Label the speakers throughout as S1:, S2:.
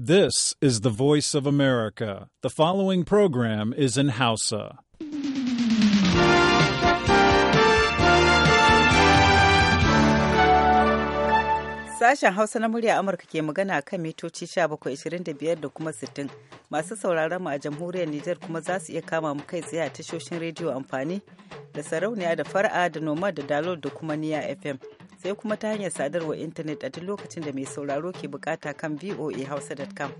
S1: This is the voice of America. The following program is in Hausa. Sashen Hausa na murya Amurka ke magana kan mitoci 1725 da kuma 60 masu sauraron mu a jamhuriyar Nijar kuma za su iya kama mu kai tsaye a tashoshin rediyo amfani da sarauniya da fara'a da noma da dalol da kuma niya FM. sai kuma ta hanyar sadarwa intanet a duk lokacin da mai sauraro ke bukata kan voahausa.com.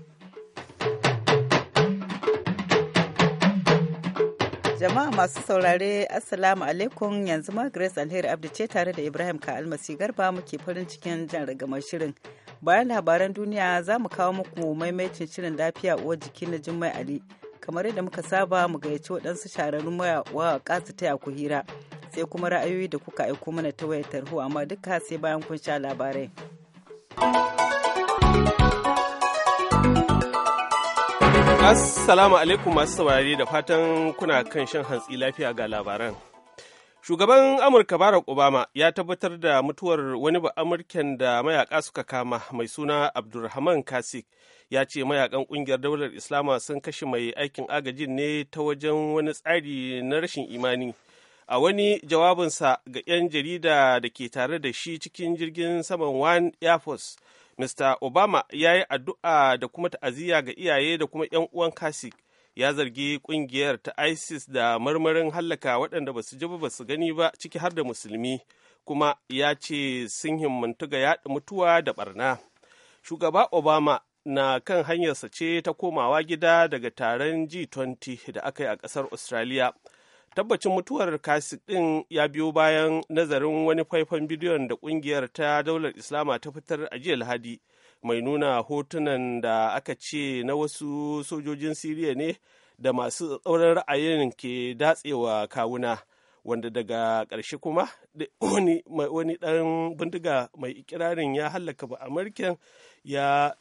S1: jama'a masu saurare assalamu alaikum yanzu ma grace alheri abdu ce tare da ibrahim ka almasi garba muke farin cikin jan ragamar shirin bayan labaran duniya za mu kawo muku maimaicin shirin lafiya uwar jiki na jummai ali kamar yadda muka saba mu gayyaci waɗansu shahararrun mawaƙa su taya ku hira sai kuma ra'ayoyi da kuka aiko mana ta wayar tarho amma duka sai bayan kun sha labarai.
S2: Assalamu alaikum masu saurari da fatan kuna kan shan hantsi lafiya ga labaran. Shugaban Amurka Barack Obama ya tabbatar da mutuwar wani ba'amurken da mayaka suka kama mai suna Abdulrahman Kasik. Ya ce mayakan kungiyar daular Islama sun kashe mai aikin agajin ne ta wajen wani tsari na rashin imani. a wani jawabinsa ga 'yan jarida da ke tare da shi cikin jirgin saman one air force mr obama ya yi addu'a da kuma ta'aziyya ga iyaye da kuma 'yan uwan kasik ya zargi kungiyar ta isis da marmarin hallaka waɗanda ba su ji ba su gani ba ciki har da musulmi kuma ya ce sun himmantu ga yaɗa mutuwa da barna shugaba obama na kan hanyarsa ce ta komawa gida daga taron g20 da aka yi a ƙasar australia tabbacin mutuwar kasi ɗin ya biyo bayan nazarin wani faifan bidiyon da ƙungiyar ta daular islama ta fitar a jiya lahadi mai nuna hotunan da aka ce na wasu sojojin siriya ne da masu tsauran ra'ayin ke datsewa kawuna wanda daga ƙarshe kuma wani ɗan bindiga mai ikirarin ya hallaka ba amurken ya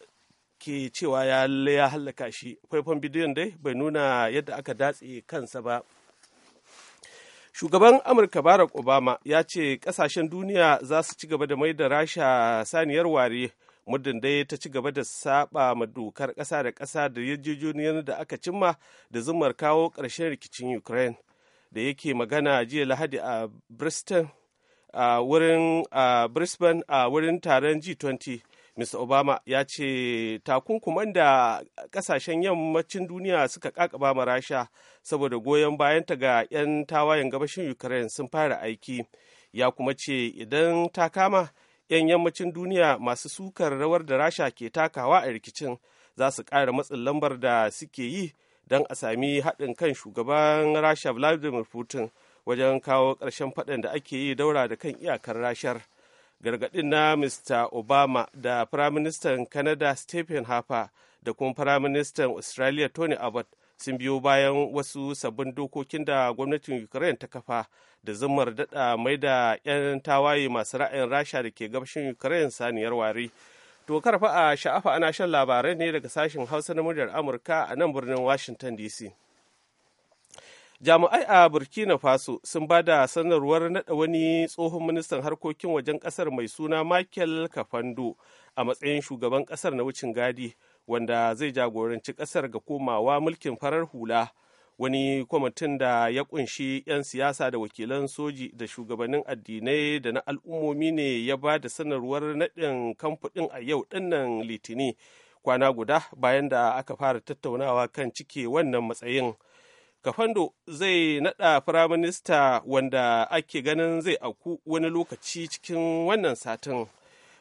S2: ke cewa ya hallaka shi faifan bidiyon dai bai nuna yadda aka datse kansa ba shugaban amurka barack obama ya ce kasashen duniya za su ci gaba da mai da rasha saniyar ware muddin dai ta ci gaba da saba ma dokar ƙasa da ƙasa da yarjejeniyar da aka cimma da zumar kawo ƙarshen rikicin ukraine da yake magana jiya lahadi a brisbane a wurin taron g20 Mr. Obama ya ce takunkuman da kasashen yammacin duniya suka kakaba ma rasha saboda goyon bayanta ga 'yan tawayen gabashin Ukraine sun fara aiki. Ya kuma ce idan ta kama 'yan yammacin duniya masu sukar rawar da rasha ke takawa a rikicin za su ƙara matsin lambar da suke yi don a sami haɗin kan shugaban rasha Vladimir Putin wajen kawo ƙarshen faɗin da ake yi daura da kan iyakar rashar. gargaɗin na mr obama da firaministan canada stephen harper da kuma firaministan australia tony abbott sun biyo bayan wasu sabbin dokokin da gwamnatin ukraine ta kafa da zumar daɗa mai da 'yan tawaye masu ra'ayin rasha da ke gabashin ukraine saniyar ware to karfa a sha'afa ana shan labarai ne daga sashen hausa na muryar amurka a nan birnin washington dc jami'ai a burkina faso sun ba da sanarwar naɗa wani tsohon ministan harkokin wajen ƙasar mai suna michael kafando a matsayin shugaban ƙasar na wucin gadi wanda zai jagoranci ƙasar ga komawa mulkin farar hula wani kwamitin da ya ƙunshi 'yan siyasa da wakilan soji da shugabannin addinai da na al'ummomi ne ya ba da sanarwar naɗin kamfanin a yau ɗinnan litinin, kwana guda bayan da aka fara tattaunawa kan cike wannan matsayin kafando zai nada firaminista wanda ake ganin zai auku wani lokaci cikin wannan satin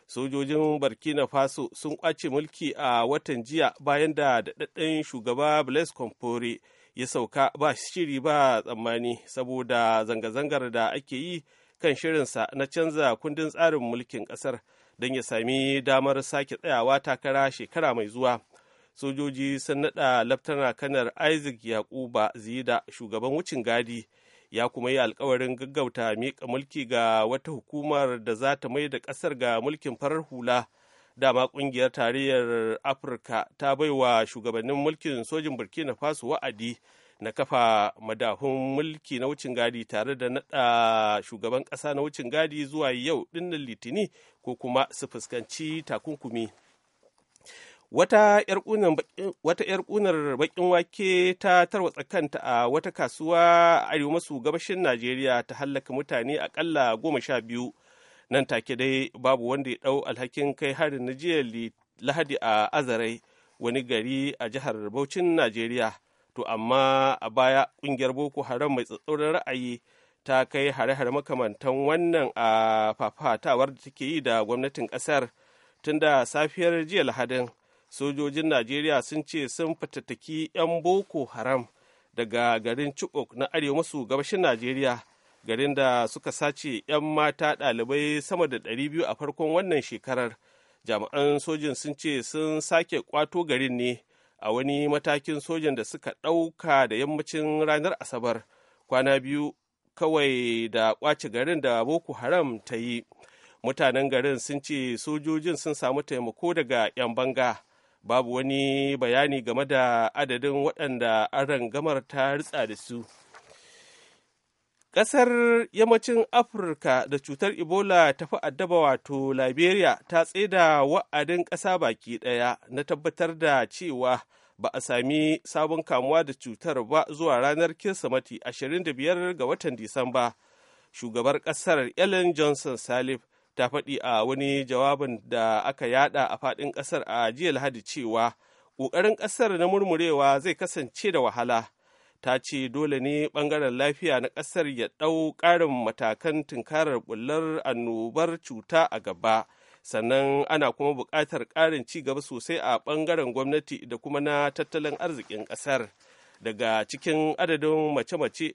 S2: sojojin burkina faso sun kwace mulki a watan jiya bayan da daɗaɗɗen shugaba blaise compaore ya sauka ba shiri ba tsammani saboda zanga-zangar da ake yi kan shirinsa na canza kundin tsarin mulkin ƙasar don ya sami damar sake tsayawa takara shekara mai zuwa sojoji sun naɗa laftana kanar isaac yakuba zida shugaban wucin gadi ya kuma yi alkawarin gaggauta miƙa mulki ga wata hukumar da za ta mai da ƙasar ga mulkin farar hula dama ƙungiyar tarayyar afirka ta baiwa shugabannin mulkin sojin burkina faso wa'adi na kafa madahun mulki na wucin gadi tare da naɗa shugaban ƙasa na wucin gadi zuwa yau ɗinnan litini ko kuma su fuskanci takunkumi. wata 'yar ƙunar baƙin wake ta tarwatsa kanta a wata kasuwa a arewa maso gabashin najeriya ta hallaka mutane aƙalla goma sha biyu nan take dai babu wanda ya dau alhakin kai harin na jiya lahadi a azarai wani gari a jihar Bauchin Najeriya. To amma a baya ƙungiyar Boko Haram mai tsatsauran ra'ayi ta kai hare-hare makamantan wannan a fafatawar da take yi da gwamnatin ƙasar tun da safiyar jiya Lahadin sojojin najeriya sun ce sun fatattaki 'yan boko haram daga garin chibok na arewa maso gabashin najeriya garin da suka sace 'yan mata ɗalibai sama da ɗari biyu a farkon wannan shekarar jami'an sojin sun ce sun sake kwato garin ne a wani matakin sojin da suka ɗauka da yammacin ranar asabar kwana biyu kawai da kwace garin da boko haram ta yi mutanen garin sun ce sojojin sun samu taimako daga 'yan banga babu wani bayani game da adadin waɗanda an gamar ta ritsa da su ƙasar yammacin afirka da cutar ebola ta fi addaba wato liberia ta tsaida wa'adin ƙasa baki ɗaya na tabbatar da cewa ba a sami sabon kamuwa da cutar ba zuwa ranar kirsimati 25 ga watan disamba shugabar ƙasar ellen johnson salif ta faɗi a wani jawabin da aka yada a faɗin ƙasar a jiya lahadi cewa ƙoƙarin ƙasar na murmurewa zai kasance da wahala ta ce dole ne ɓangaren lafiya na ƙasar ya ɗau ƙarin matakan tunkarar bullar annobar cuta a gaba sannan ana kuma buƙatar ƙarin ci gaba sosai a ɓangaren gwamnati da kuma na tattalin arzikin ƙasar daga cikin adadin mace-mace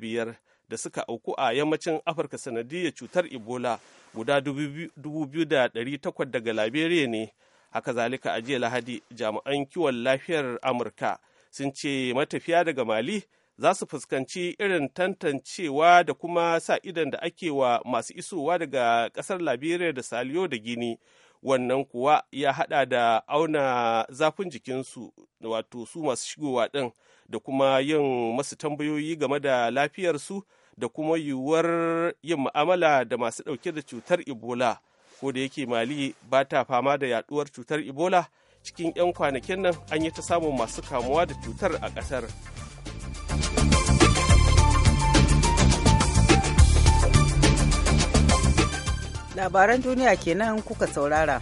S2: biyar. da suka auku a yammacin afirka sanadiyar cutar ebola guda 2,800 daga liberia ne haka zalika a jiya lahadi jami'an kiwon lafiyar amurka sun ce matafiya daga mali za su fuskanci irin tantancewa da kuma sa idan da ake wa masu isowa daga kasar liberia da saliyo da gini wannan kuwa ya hada da auna zafin jikinsu wato su masu shigowa din da kuma yin masu tambayoyi game da lafiyarsu da kuma yiwuwar yin mu'amala da masu ɗauke da cutar ebola ko da yake mali ba ta fama da yaduwar cutar ebola cikin 'yan kwanakin nan an yi ta samun masu kamuwa da cutar a ƙasar
S1: labaran duniya kenan kuka saurara.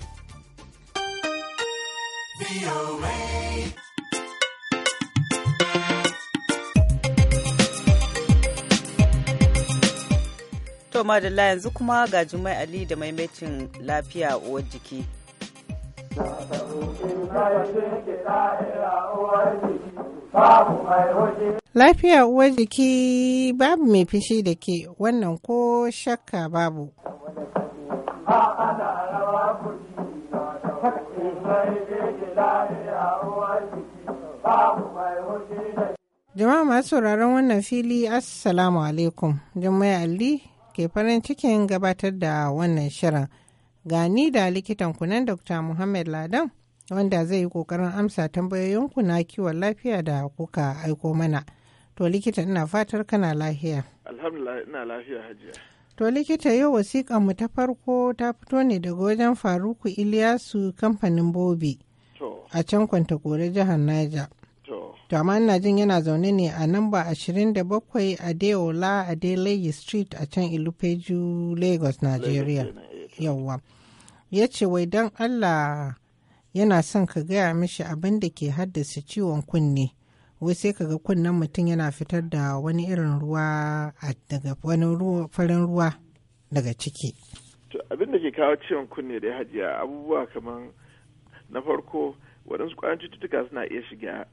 S1: da la, yanzu kuma ga Jumai Ali da maimacin lafiya uwar jiki.
S3: Lafiya uwar jiki babu mai fishi da ke wannan ko shakka babu. Jama'a masu sauraron wannan fili, Assalamu alaikum. Jummai Ali ke farin cikin gabatar da wannan shirin. Gani da likitan kunan Dr. Muhammad Ladan wanda zai yi kokarin amsa tambayoyinku na kiwon lafiya da kuka aiko mana. To likita ina fatar kana lafiya.
S4: Alhamdulillah ina lafiya hajiya.
S3: To likita yau wasiƙanmu mu ta farko ta fito ne daga wajen Faruku Iliyasu kamfanin Bobi. A can kwanta jihar Niger. To amma ina jin yana zaune ne a namba 27 a Deola a Delayi Street a can Ilupeju, Lagos, Nigeria. Eh, Yawwa. Ya ce wai don Allah yana son ka gaya mishi abin da ke haddasa ciwon kunne. Wai sai ka ga kunnen mutum yana fitar da wani irin ruwa daga wani farin ruwa daga ciki.
S4: Abin da ke kawo ciwon kunne da ya hajiya abubuwa kamar na farko waɗansu cututtuka suna iya shiga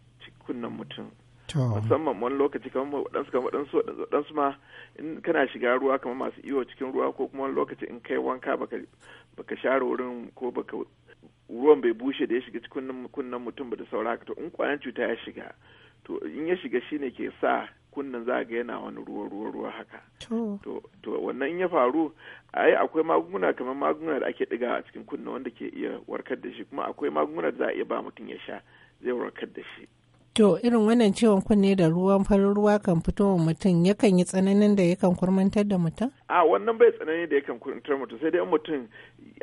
S4: kunnen mutum musamman wani lokaci kamar waɗansu kamar waɗansu waɗansu ma in kana shiga ruwa kamar masu iyo cikin ruwa ko kuma wani lokaci in kai wanka baka baka share wurin ko baka ruwan bai bushe da ya shiga cikin kunnen mutum ba da saura to in kwayan cuta ya shiga to in ya shiga ne ke sa kunnen za ga yana wani ruwa ruwa ruwa haka
S3: to
S4: wannan in ya faru ai akwai magunguna kamar magunguna da ake diga a cikin kunne wanda ke iya warkar da shi kuma akwai magunguna da za a iya ba mutum ya sha zai warkar da shi
S3: To irin wannan ciwon kunne da ruwan farin ruwa kan fito wa mutum yakan yi tsananin da yakan kurmantar da mutum?
S4: A wannan bai tsanani da yakan kurmantar mutum sai dai mutum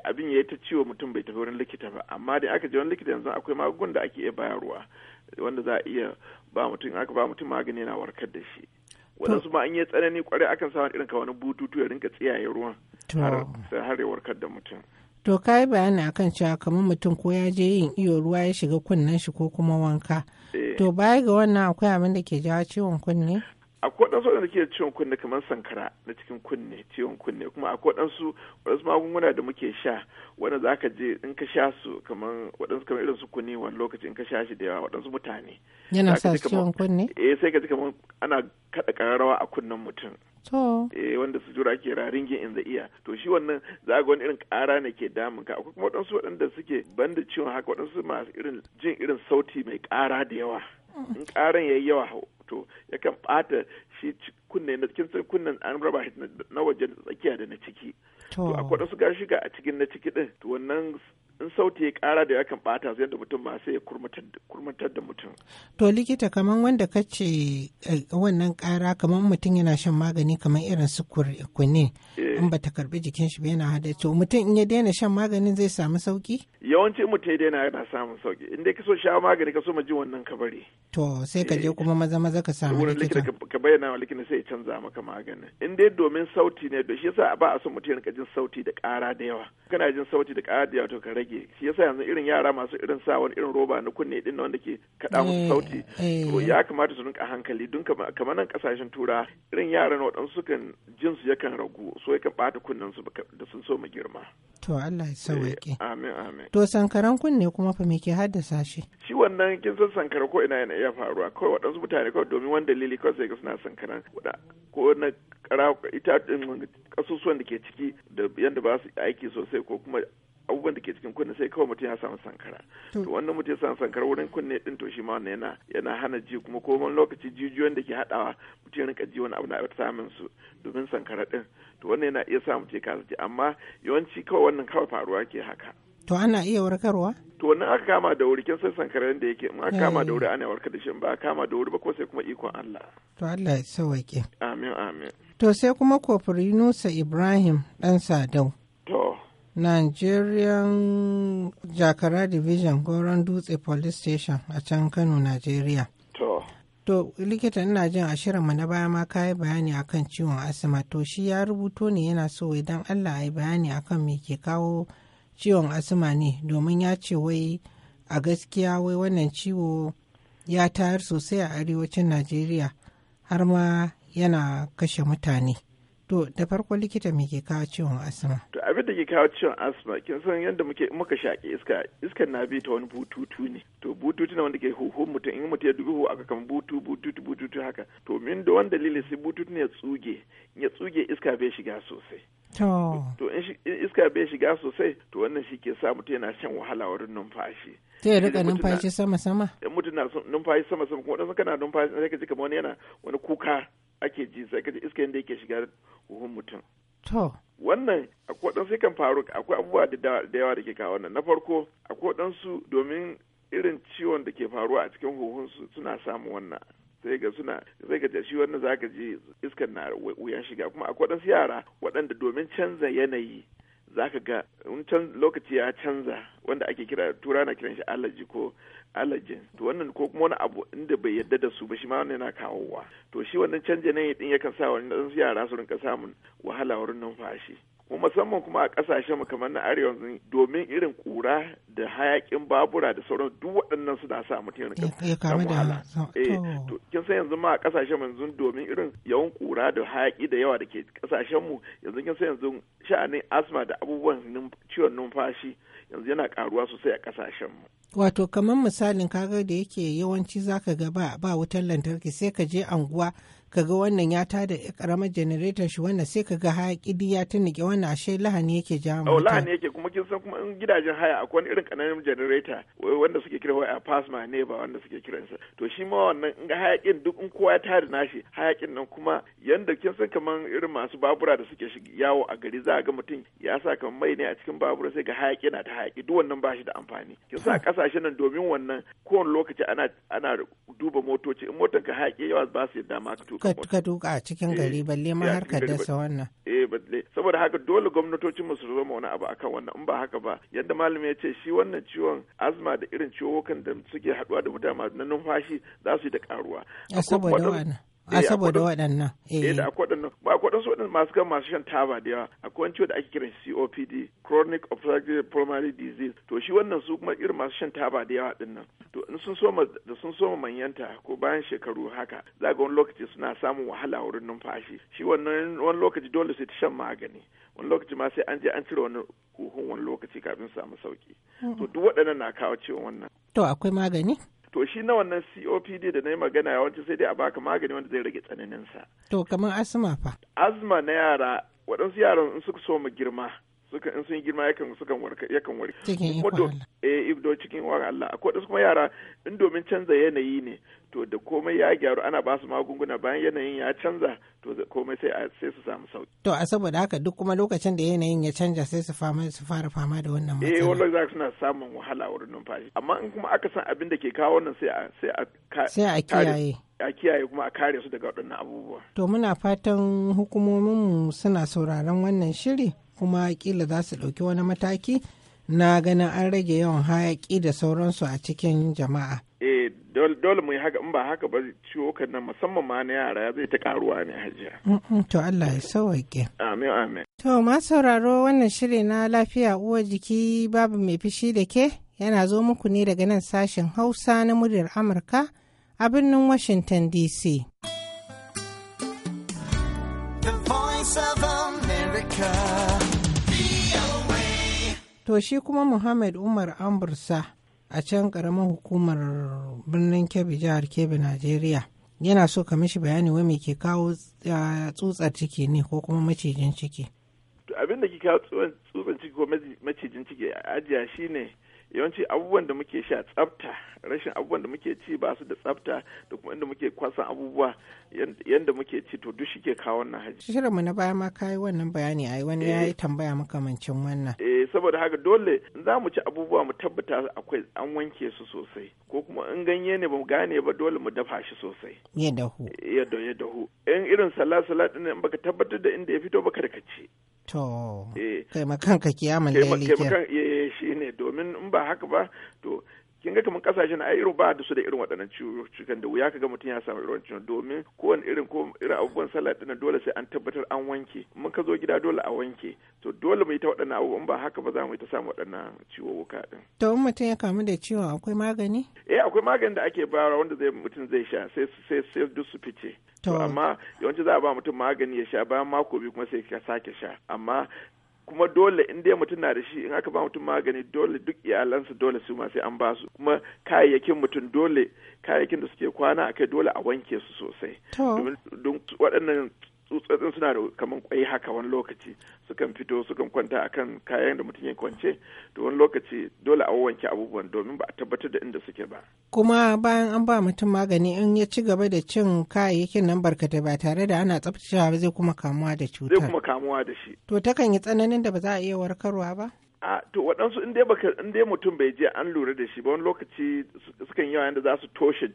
S4: abin ya yi ta ciwo mutum bai tafi wurin likita ba amma dai aka je wani likita yanzu akwai magungunan da ake iya bayarwa wanda za a iya ba mutum aka ba mutum magani yana warkar da shi. Wadansu ma an yi tsanani kwarai akan sa irin ka wani bututu ya rinka tsiyaye ruwan
S3: har
S4: ya warkar da mutum.
S3: To ka yi bayani akan cewa kamar mutum ko ya je yin iyo ruwa ya shiga kunnen shi ko kuma wanka. Eh. To baya ga wannan akwai abin da ke jawo ciwon kunne?
S4: akwai waɗansu waɗanda ke ciwon kunne kamar sankara na cikin kunne ciwon kunne kuma akwai waɗansu waɗansu magunguna da muke sha wanda za ka je in ka sha su kamar waɗansu kamar irin su kunne wani lokaci in ka sha shi da yawa waɗansu mutane
S3: yana sa ciwon kunne
S4: eh sai ka ji kamar ana kaɗa ƙararrawa a kunnen mutum
S3: to eh
S4: wanda su jura ke raringin in the iya to shi wannan za ga wani irin ƙara ne ke damun ka akwai kuma waɗansu waɗanda suke banda ciwon haka waɗansu masu irin jin irin sauti mai ƙara da yawa mm. in ƙaran yayi yawa to yakan bata shi kunne na cikin kunnen an raba shi na waje tsakiya da na ciki to akwai wasu gashi ga a cikin na ciki din to wannan in sauti ya ƙara da yakan ɓata su yadda mutum masu ya kurmatar da mutum.
S3: To likita kamar wanda ka ce eh, wannan ƙara kamar mutum yana shan magani kamar irin su kunne eh. in ba ta karbi jikin shi yana hada to mutum in ya daina shan maganin zai samu sauki?
S4: Yawanci mutum ya daina yana samun sauki in dai ka so sha magani ka so ma ji wannan ka bari.
S3: To sai ka je eh. kuma maza maza ka samu likita.
S4: Ka bayyana wa likita sai ya canza maka maganin. In dai domin sauti ne da shi yasa ba a son mutum ya rika jin sauti da ƙara da yawa. Kana jin sauti da ƙara da yawa to ka rage rage shi yasa yanzu irin yara masu irin sa wani irin roba na kunne din wanda ke kaɗa musu eh, sauti to eh. ya kamata su rinka hankali dun kamar nan kasashen tura irin yaran waɗansu jin su yakan ragu so yakan ɓata kunnen su da sun so mu girma
S3: to Allah ya sauke eh,
S4: amin amin to
S3: sankaran kunne kuma fa me ke haddasa shi
S4: shi wannan kin san sankara ko ina yana iya faruwa kawai waɗansu mutane kawai domin wanda dalili kawai sai ga suna sankaran ko na kasusuwan da ke ciki da yadda ba su aiki sosai ko kuma abubuwan da ke cikin kunne sai kawai mutum ya samu sankara to wannan mutum ya samu sankara wurin kunne din to shi ma wannan yana yana hana ji kuma ko wani lokaci jijiyoyin da ke haɗawa mutum ya rinka ji wani abu na samun su domin sankara din to wannan yana iya sa ce ya kasa ji amma yawanci kawai wannan kawai faruwa ke haka
S3: to ana iya warkarwa
S4: to wannan aka kama da wuri kin san sankara da yake in aka kama da eh. wuri ana warkar da shi ba kama da wuri ba ko sai kuma ikon Allah
S3: to Allah ya sauke amin amin to sai kuma kofinusa Ibrahim dan Sadau nigerian jakara division goron dutse police station a can kano nigeria to likita ina jin a shirinmu na baya ma kayi bayani akan ciwon asma to shi ya rubuto ne yana so idan allah ya bayani akan me ke kawo ciwon asma ne domin ya ce wai a gaskiya wai wannan ciwo ya tayar sosai a arewacin najeriya har ma yana kashe mutane To da farko likita me ke kawo ciwon asma?
S4: To abin da ke kawo ciwon asma kin san yadda muke muka shaƙi iska iskar na bi ta wani bututu ne. To bututu na wanda ke huhu mutum in mutum ya dubi huhu aka kan butu bututu bututu haka. To min da wanda dalili sai bututu ne ya tsuge ya tsuge iska bai shiga sosai.
S3: To
S4: in iska bai shiga sosai to wannan shi ke sa mutum yana shan wahala wurin numfashi.
S3: Ta ya rika numfashi sama sama?
S4: Mutum na numfashi sama eh, sama kuma dan kana numfashi sai ka ji kamar wani yana wani kuka ake ji sai ka ji iska yadda yake shiga huhun mutum to wannan akwai ɗan sai kan faru akwai abubuwa da yawa da ke kawo wannan na farko akwai dan su domin irin ciwon da ke faruwa a cikin huhun su suna samun wannan sai ga suna sai ga shi wannan za ka ji iskan na wuyan shiga kuma akwai dan yara waɗanda domin canza yanayi za ka ga lokaci ya canza wanda ake kira tura na kiran shi allergy ko allergen to wannan ko kuma wani abu inda bai yadda da su ba shi ma wannan yana kawowa to shi wannan canje ne din yakan sa wannan yara su rinka samun wahala wurin numfashi kuma musamman kuma a kasashen kamar na arewa domin irin kura da hayakin babura da sauran duk waɗannan suna sa mutum ya rinka eh, to kin san yanzu ma a kasashen yanzu domin irin yawan kura da hayaki da yawa da ke kasashen mu yanzu kin san yanzu sha'anin asma da abubuwan ciwon numfashi yanzu yana karuwa sosai a kasashen mu
S3: wato kamar misalin kaga da yake yawanci zaka ga ba ba wutar lantarki sai ka je anguwa kaga wannan ya tada karamar janareta shi wannan sai kaga haƙidi ya nike wannan ashe lahani yake jawo mata. Oh, lahani
S4: yake kuma kin san kuma gidajen haya akwai wani irin kananan janareta wanda suke kira waya pasma ne ba wanda suke kira kiransa to shi ma wannan in hayakin duk in kowa ya tada nashi hayakin nan kuma yanda kin san kaman irin masu babura da suke yawo a gari za a ga mutum ya sa kaman mai ne a cikin babura sai ga hayaki na ta hayaki duk wannan ba shi da amfani kin sa kasashen nan domin wannan kowane lokaci ana ana duba motoci in motar ka hayaki yawa ba su yadda ma ka ka
S3: duka a cikin eh, gari balle ma har ka dasa wannan
S4: eh balle saboda haka dole gwamnatocin mu su zama wani abu akan wannan in ba haka ba yadda malami ya ce shi wannan ciwon azma da irin ciwokan da suke haduwa da mutane na numfashi za su yi da karuwa saboda wannan
S3: Eh, a saboda waɗannan eh
S4: da eh. akwai waɗannan ba akwai waɗannan masu kan masu shan taba da yawa akwai wani ciwo da ake kiran COPD chronic obstructive pulmonary disease to shi wannan su kuma irin masu shan taba da yawa din nan to in sun soma da sun soma manyanta ko bayan shekaru haka za ga wani lokaci suna samun wahala wurin numfashi shi wannan wani lokaci dole sai ta shan magani wani lokaci ma sai an je an cire wani huhun wani lokaci kafin samu sauki to duk waɗannan na kawo ciwon wannan
S3: to akwai magani
S4: to shi na wannan COPD da na yi magana yawanci sai dai a baka magani wanda zai rage tsananinsa.
S3: To kamar asma fa?
S4: Asma na yara waɗansu yaran in suka so mu girma suka in sun girma yakan sukan warka yakan warke eh ibdo cikin wa Allah akwai wasu kuma yara in domin canza yanayi ne to da komai ya gyaru ana ba su magunguna bayan yanayin ya canza to komai sai sai su samu sauki
S3: to a saboda haka duk kuma lokacin da yanayin ya canja sai su fama su fara fama da wannan eh, matsala eh wallahi
S4: za suna samun wahala wurin numfashi amma in kuma aka san abin da ke kawo wannan sai a sai a sai a kiyaye a kiyaye kuma a kare su daga waɗannan abubuwa
S3: to muna fatan hukumomin suna sauraron wannan shiri kuma kila za su ɗauki wani mataki na ganin an rage yawan hayaki da sauransu a cikin jama'a.
S4: Eh dole mu yi haka in ba haka ba ciwokan nan musamman ma na yara zai ta karuwa ne
S3: hajiya. To Allah ya sauwaƙe. Amin amin. To ma sauraro wannan shiri na lafiya uwar jiki babu mai fishi da ke yana zo muku ne daga nan sashen Hausa na muryar Amurka a birnin Washington DC. The Voice of America. To shi kuma Muhammad Umar Ambursa a can ƙaramin hukumar birnin Kebbi jihar Kebbi Najeriya yana so ka mishi bayani wai me ke kawo tsutsar ciki ne ko kuma macijin ciki.
S4: Abin da ke kawo tsutsar ciki ko macijin ciki a ajiya shine yawanci abubuwan da muke sha tsafta rashin abubuwan da muke ci ba su da tsafta da kuma inda muke kwasan abubuwa yadda muke ci to duk shi ke kawo wannan haji
S3: shirinmu na baya ma kayi wannan bayani ai wani ya yi eh. tambaya makamancin wannan
S4: eh saboda haka dole in za mu ci abubuwa mu tabbata akwai an wanke su sosai ko kuma in ganye ne ba mu gane ba dole mu dafa shi sosai ya dahu ya dahu ya dahu in irin salad salad din in baka tabbatar da inda ya fito ba da ka ci
S3: to eh kai makanka kiyama lalle kai makanka
S4: ne domin in ba haka ba to kin ga kamar kasashen ai irin ba da su da irin waɗannan ciwon da wuya kaga mutum ya samu irin wancan, domin wani irin ko irin abubuwan sallah din dole sai an tabbatar an wanke mun ka zo gida dole a wanke to dole mu yi ta waɗannan abubuwan ba haka ba za mu yi ta samu waɗannan ciwuwuka din
S3: to in mutum ya kamu da ciwon akwai magani
S4: eh akwai magani da ake bayarwa wanda zai mutum zai sha sai sai sai duk su fice to amma yawanci za a ba mutum magani ya sha bayan mako biyu kuma sai ka sake sha amma kuma dole in dai mutum na da shi in aka ba mutum magani dole duk iyalansa dole su ma sai an ba su kuma kayayyakin mutum dole kayayyakin da suke kwana a kai dole a wanke su sosai
S3: don
S4: waɗannan tsutsotsin suna da kamar kwai haka wani lokaci sukan fito sukan kwanta akan kayan da mutum ya kwance to wani lokaci dole a wanke abubuwan domin ba a tabbatar da inda suke ba
S3: kuma bayan an ba mutum magani in ya ci gaba da cin kayayyakin nan barkatai ba tare da ana tsaftacewa ba zai kuma kamuwa da cutar zai kuma
S4: kamuwa da shi
S3: to takan yi tsananin da ba za a iya warkarwa ba
S4: a to waɗansu in dai baka mutum bai je an lura da shi ba wani lokaci sukan yawa yadda za su toshe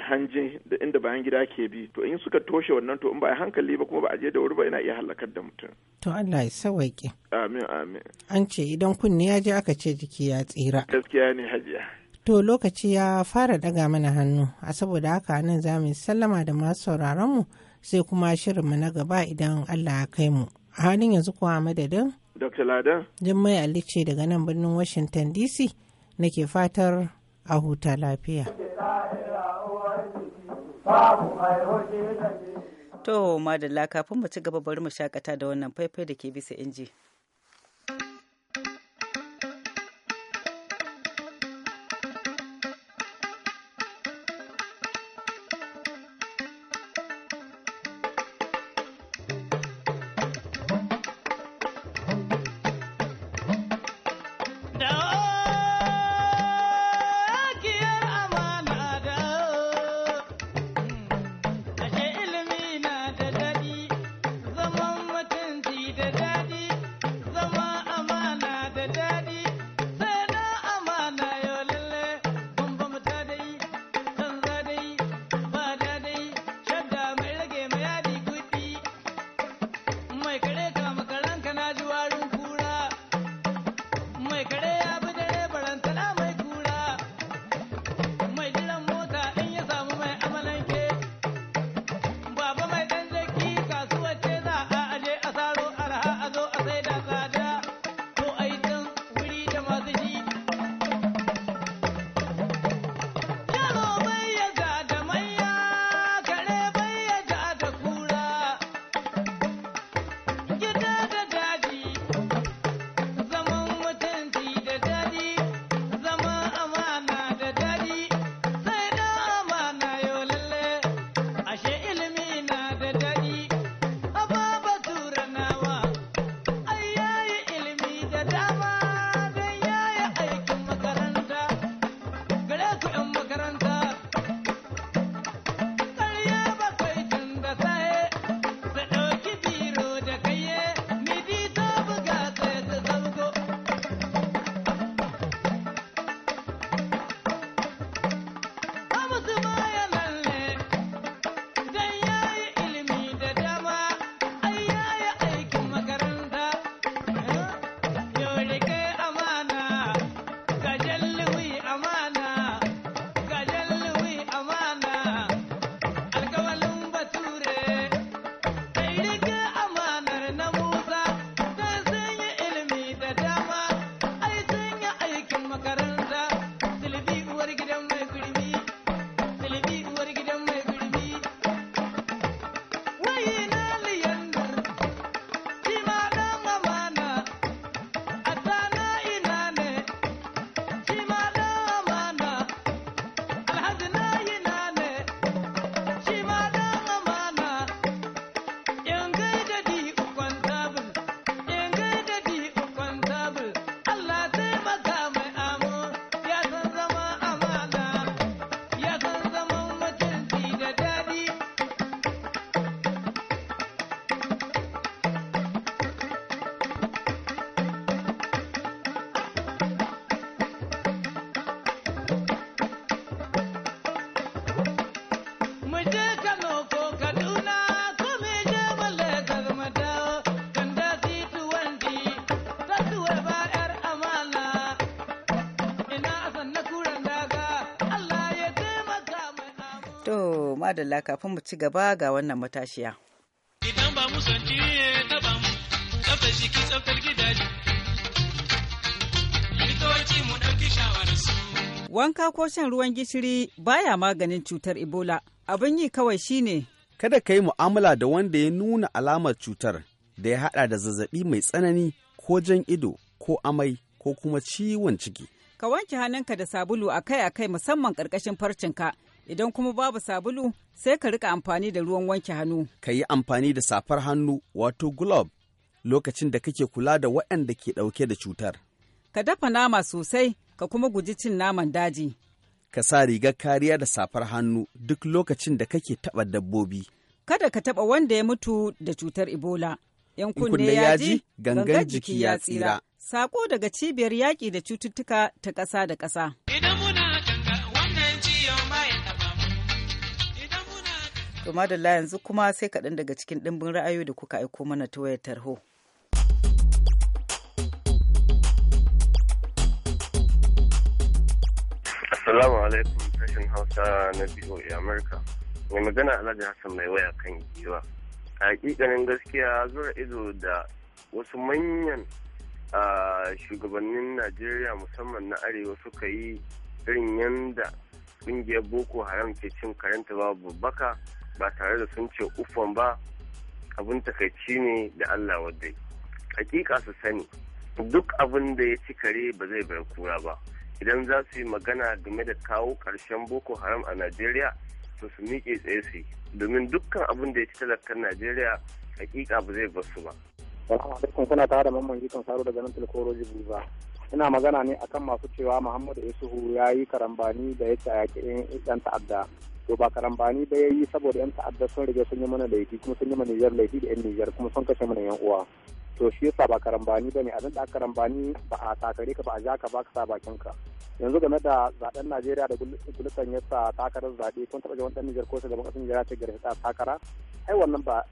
S4: hanjin da inda bayan gida ke bi to in suka toshe wannan to in ba hankali ba kuma ba a je da wuri ba yana iya halakar da mutum
S3: to Allah ya sawaike
S4: amin amin
S3: an ce idan kunni ya je aka ce jiki ya tsira
S4: gaskiya ne hajiya
S3: to lokaci ya fara daga mana hannu a saboda haka nan za mu sallama da masu sauraron mu sai kuma shirinmu na gaba idan Allah ya kai mu a halin yanzu kuwa madadin
S4: Dr. Ladan?
S3: Jummai Ali ce daga nan birnin Washington DC nake fatar a huta lafiya.
S1: To, madalla kafin mu ci gaba bari mu shakata da wannan faifai da ke bisa inji. To, madalla kafin mu ci gaba ga wannan matashiya.
S5: Idan ba mu son jiye ta ba mu, shi ki gidaje. mu ɗauki
S1: su. Wanka ko shan ruwan gishiri baya maganin cutar Ebola. Abin yi kawai shi ne. Kada ka yi mu'amala da wanda ya nuna alamar cutar da ya haɗa da zazzaɓi mai tsanani ko jan ido ko amai ko kuma ciwon ciki. Ka wanke hannunka da sabulu akai-akai musamman ƙarƙashin farcinka Idan kuma babu sabulu sai ka rika amfani da ruwan wanke hannu. Ka yi amfani da safar hannu wato glove lokacin da kake kula da waɗanda ke ɗauke da cutar. Ka dafa nama sosai ka kuma guji cin naman daji. Ka sa rigar kariya da safar hannu duk lokacin da kake taɓa dabbobi. Kada ka taɓa wanda ya mutu da cutar Ebola. In kunne ya ji, gangan jiki ya tsira. Sako daga cibiyar yaƙi da cututtuka ta ƙasa da ƙasa.
S5: Idan muna
S1: To madalla yanzu kuma sai kaɗan daga cikin ɗimbin ra'ayoyi da kuka aiko mana ta wayar tarho.
S6: Assalamu alaikum sashen Hausa na BOA Amurka. Mai magana Alhaji Hassan mai waya kan giwa. A hakikanin gaskiya zura ido da wasu manyan shugabannin Najeriya musamman na Arewa suka yi irin yanda ƙungiyar Boko Haram ke cin karanta babu baka ba tare da sun ce ufan ba abin takaici ne da Allah wadda hakika su sani duk abin da ya ci kare ba zai bar kura ba idan za su yi magana game da kawo karshen boko haram a najeriya to su miƙe tsaye su domin dukkan abin da ya ci talakar najeriya hakika ba zai bar su ba alaikum kuna tare da mamman jikan saro daga nan tilkoro ina magana ne akan masu cewa muhammadu isuhu ya yi karambani da ya ci a yaƙi ɗan ta'adda to ba karambani ba yayi saboda yan ta'adda sun riga sun yi mana laifi kuma sun yi mana niyyar laifi da yan niyyar kuma sun kashe mana yan uwa to shi yasa ba karambani a zan da karambani ba a takare ka ba a ja ka ba ka sa bakin ka yanzu game da zaben Najeriya da gulutan yasa takarar zaɓe kun taba ga wani dan Niger ko shugaban kasar Niger ta kara. takara ai wannan ba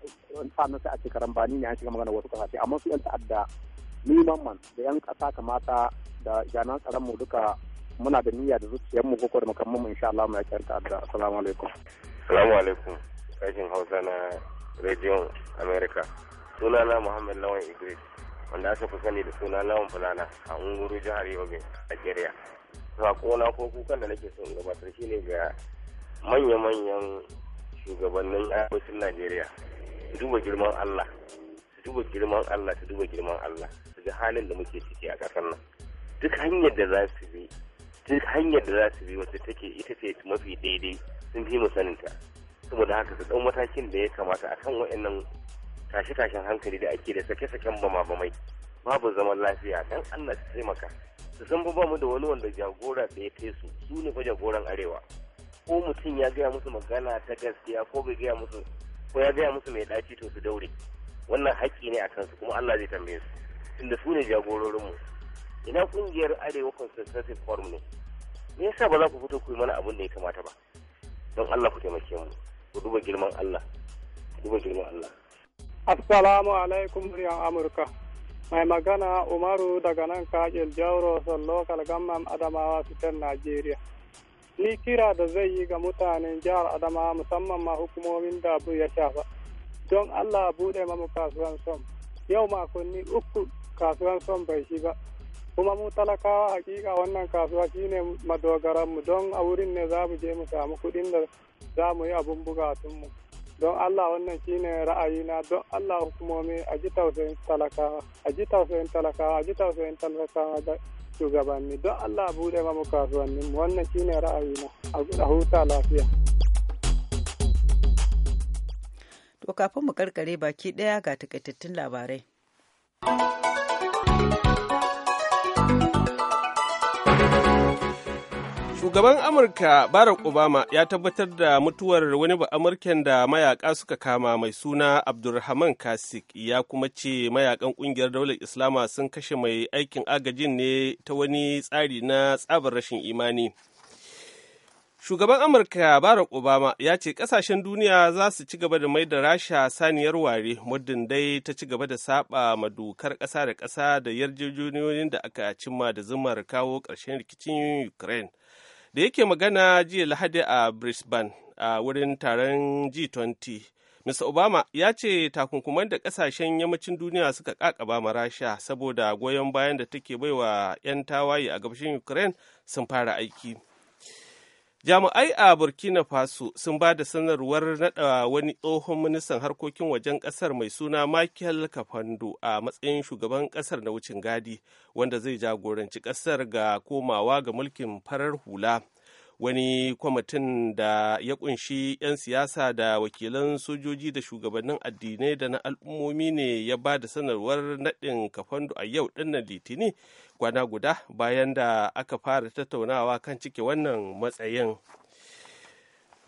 S6: sannan sai a ce karambani ne an shiga magana wasu kasashe amma su yan ta'adda liman man da yan kasa kamata da janan tsaron mu duka muna da niyya da zuciyar mu kokar mu kammu insha Allah mu ta adda assalamu alaikum assalamu alaikum sashin Hausa na Radio America sunana Muhammad Lawan Idris wanda aka fi sani da suna Lawan Fulana a Unguru jihar Yobe Nigeria kona ko kukan da nake son gabatar shine ga manya-manyan shugabannin ayyukan Najeriya duba girman Allah su duba girman Allah su duba girman Allah su halin da muke ciki a ƙasar nan duk hanyar da za su bi duk hanyar da za su bi wacce take ita ce mafi daidai sun fi mu saninta saboda haka su ɗau matakin da ya kamata a akan wa'annan tashe-tashen hankali da ake da sake-saken bama-bamai babu zaman lafiya dan Allah su taimaka su san ba mu da wani wanda jagora da ya kai su su ne fa jagoran arewa ko mutum ya gaya musu magana ta gaskiya ko bai gaya musu ko ya gaya musu mai ɗaci to su daure wannan haƙƙi ne a kansu kuma Allah zai tambaye su tunda su ne jagororinmu ina kungiyar arewa conservative forum ne me yasa ba za ku fito ku yi mana abin da ya kamata ba don allah ku taimake mu ku duba girman allah ku duba girman allah assalamu alaikum riyan amurka mai magana umaru daga nan jawro jauro local gamman adamawa fitar najeriya ni kira da zai yi ga mutanen jihar adamawa musamman ma hukumomin da abu ya shafa don allah buɗe mamu kasuwan som yau makonni uku kasuwan som bai shi ba kuma mu talakawa hakika wannan kasuwa shine madogaranmu don a wurin ne za mu je mu samu kuɗin da za mu yi abun bukatunmu don Allah wannan shine ra'ayina don Allah hukumomi a ji tausayin talakawa a ji tausayin talakawa a ji tausayin talakawa da shugabanni don Allah bude mu kasuwannin wannan shine ra'ayina a huta lafiya.
S1: To kafin mu karkare baki ɗaya ga takaitattun labarai.
S2: Shugaban Amurka Barack Obama ya tabbatar da mutuwar wani ba'amurken da mayaka suka kama mai suna Abdulrahman Kasik ya kuma ce mayakan ƙungiyar daular Islama sun kashe mai aikin agajin ne ta wani tsari na tsabar rashin imani. Shugaban Amurka Barack Obama ya ce kasashen duniya za su ci gaba da mai da rasha saniyar ware muddin dai ta ci gaba da saba ma dokar ƙasa da ƙasa da yarjejeniyoyin da aka cimma da zumar kawo ƙarshen rikicin Ukraine. da yake magana jiya lahadi a brisbane a wurin taron g20 mr obama ya ce takunkuman da kasashen yammacin duniya suka kakaba ma rasha saboda goyon bayan da take baiwa 'yan tawaye a gabashin ukraine sun fara aiki Jami'ai a Burkina Faso sun ba da sanarwar naɗa wani tsohon ministan harkokin wajen ƙasar mai suna Michael Kafando a matsayin shugaban ƙasar na wucin gadi wanda zai jagoranci ƙasar ga komawa ga mulkin farar hula. wani kwamitin da ya kunshi 'yan siyasa da wakilan sojoji da shugabannin addinai da na al'ummomi ne ya ba da sanarwar naɗin kafando a yau ɗinnan litini kwana guda bayan da aka fara tattaunawa kan cike wannan matsayin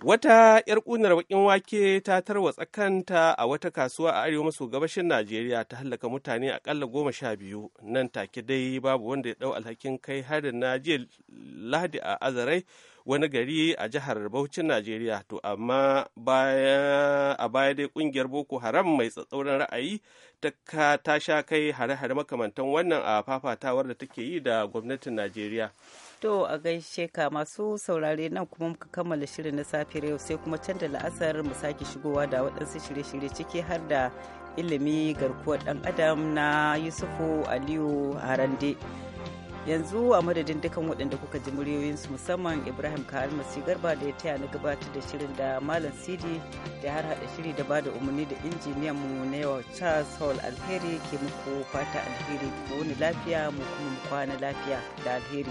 S2: wata 'yar ƙunar bakin wake ta tarwa kanta a wata kasuwa a arewa maso gabashin najeriya ta hallaka mutane akalla goma sha biyu nan take dai babu wanda ya ɗau alhakin kai harin na jiya lahadi a azarai wani gari a jihar Bauchin Najeriya to amma a baya dai kungiyar Boko Haram mai tsatsauran ra'ayi ta ta sha kai hare-hare makamantan wannan a fafatawar da take yi da gwamnatin Najeriya. To a
S1: gaishe ka masu saurare nan kuma muka kammala shirin na safiyar yau sai kuma can da la'asar mu sake shigowa da waɗansu shirye-shirye ciki har da ilimi garkuwar ɗan adam na Yusufu Aliyu Harande. yanzu a madadin dukan waɗanda kuka ji muryoyinsu musamman ibrahim ka almasi garba da ya taya na gabatar da shirin da malam sidi da har hada shiri da bada umarni da injiniyan mu na yau charles hall alheri ke muku fata alheri ku wani lafiya mu kuma mu kwana lafiya da alheri